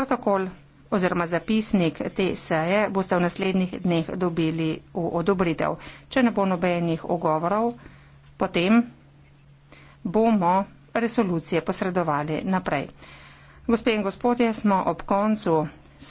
protokol oziroma zapisnik te seje boste v naslednjih dneh dobili v odobritev. Če ne bo nobenih ogovorov, potem bomo resolucije posredovali naprej. Gospe in gospodje, smo ob koncu